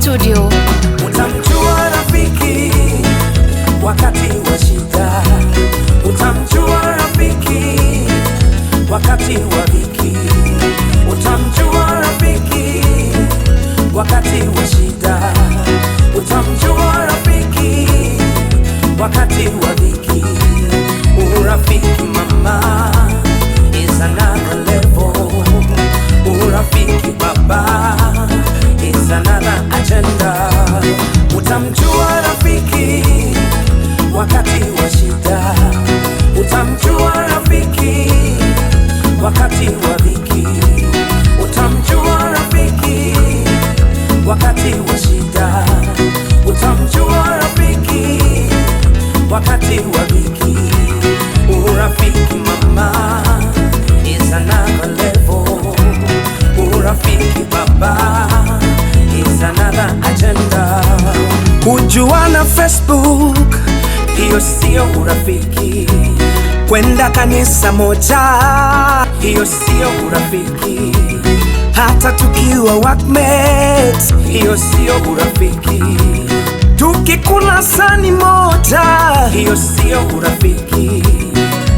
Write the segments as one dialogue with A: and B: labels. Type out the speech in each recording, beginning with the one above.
A: studio.
B: Utamjua rafiki wakati wa wakati wa shida, utamjua rafiki wakati wa dhiki, utamjua rafiki wakati wa shida, utamjua rafiki wakati wa dhiki. Urafiki mama is another level, urafiki baba is another agenda.
C: Kujuana Facebook hiyo sio urafiki. Kwenda kanisa moja, hiyo sio urafiki. Hata tukiwa workmates, hiyo sio urafiki. Tukikula sani moja, hiyo sio urafiki.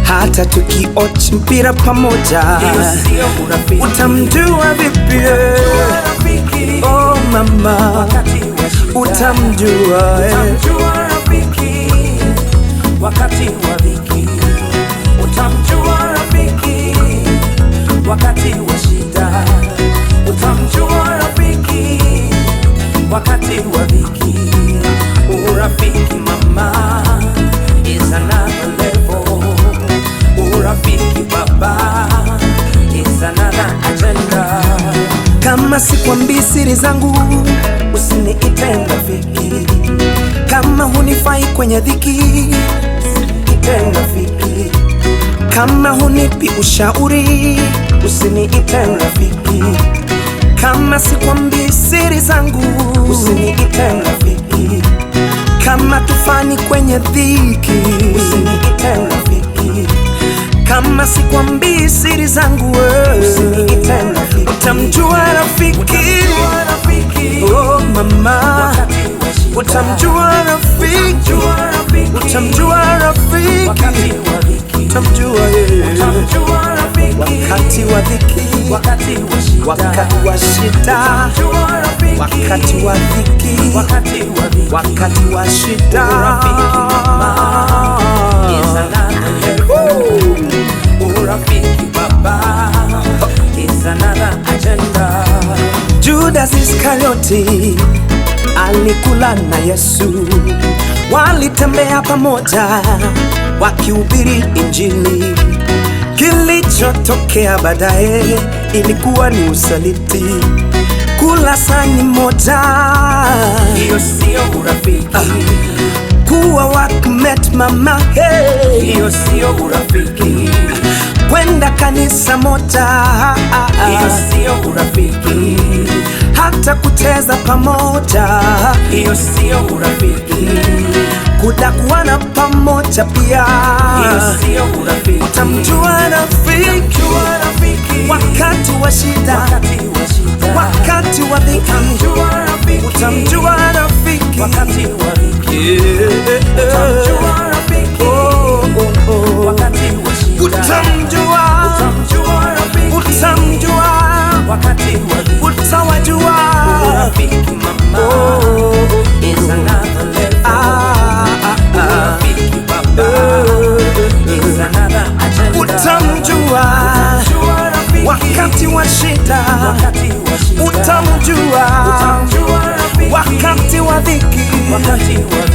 C: Hata tukiochi mpira pamoja, hiyo sio urafiki. Utamjua vipi oh mama, utamjua
B: eh wakati wa dhiki, utamjua rafiki wakati wa shida, utamjua rafiki wakati wa dhiki. Urafiki mama is another level, urafiki baba is another agenda.
C: Kama sikwambii siri zangu usiniite rafiki, kama hunifai kwenye dhiki uniite fiki kama hunipi ushauri, usiniite rafiki kama sikwambii siri zangu, usiniite rafiki kama tufani kwenye dhiki, usiniite rafiki kama sikwambii siri zangu,
B: usiniite rafiki.
C: Utamjua rafiki, oh mama, utamjua
B: wakati wa dhiki
C: utamjua yeye,
B: utamjua rafiki
C: wakati wa dhiki,
B: wakati wa
C: shida, wakati wa shida
B: utamjua rafiki
C: wakati wa dhiki,
B: wakati wa dhiki,
C: wakati wa shida Judas Iskarioti alikula na Yesu, walitembea pamoja wakihubiri Injili. Kilichotokea baadaye ilikuwa ni usaliti, kula sahani moja, hiyo sio urafiki. Ah, kuwa wakmet mama,
B: hiyo sio urafiki.
C: Kwenda kanisa moja,
B: hiyo sio urafiki.
C: Hata kucheza pamoja,
B: hiyo sio urafiki
C: kutakuwana pamoja pia, utamjua rafiki wakati wa shida, wakati wa dhiki utamjua,
B: utamjua
C: wakati wa
B: dhiki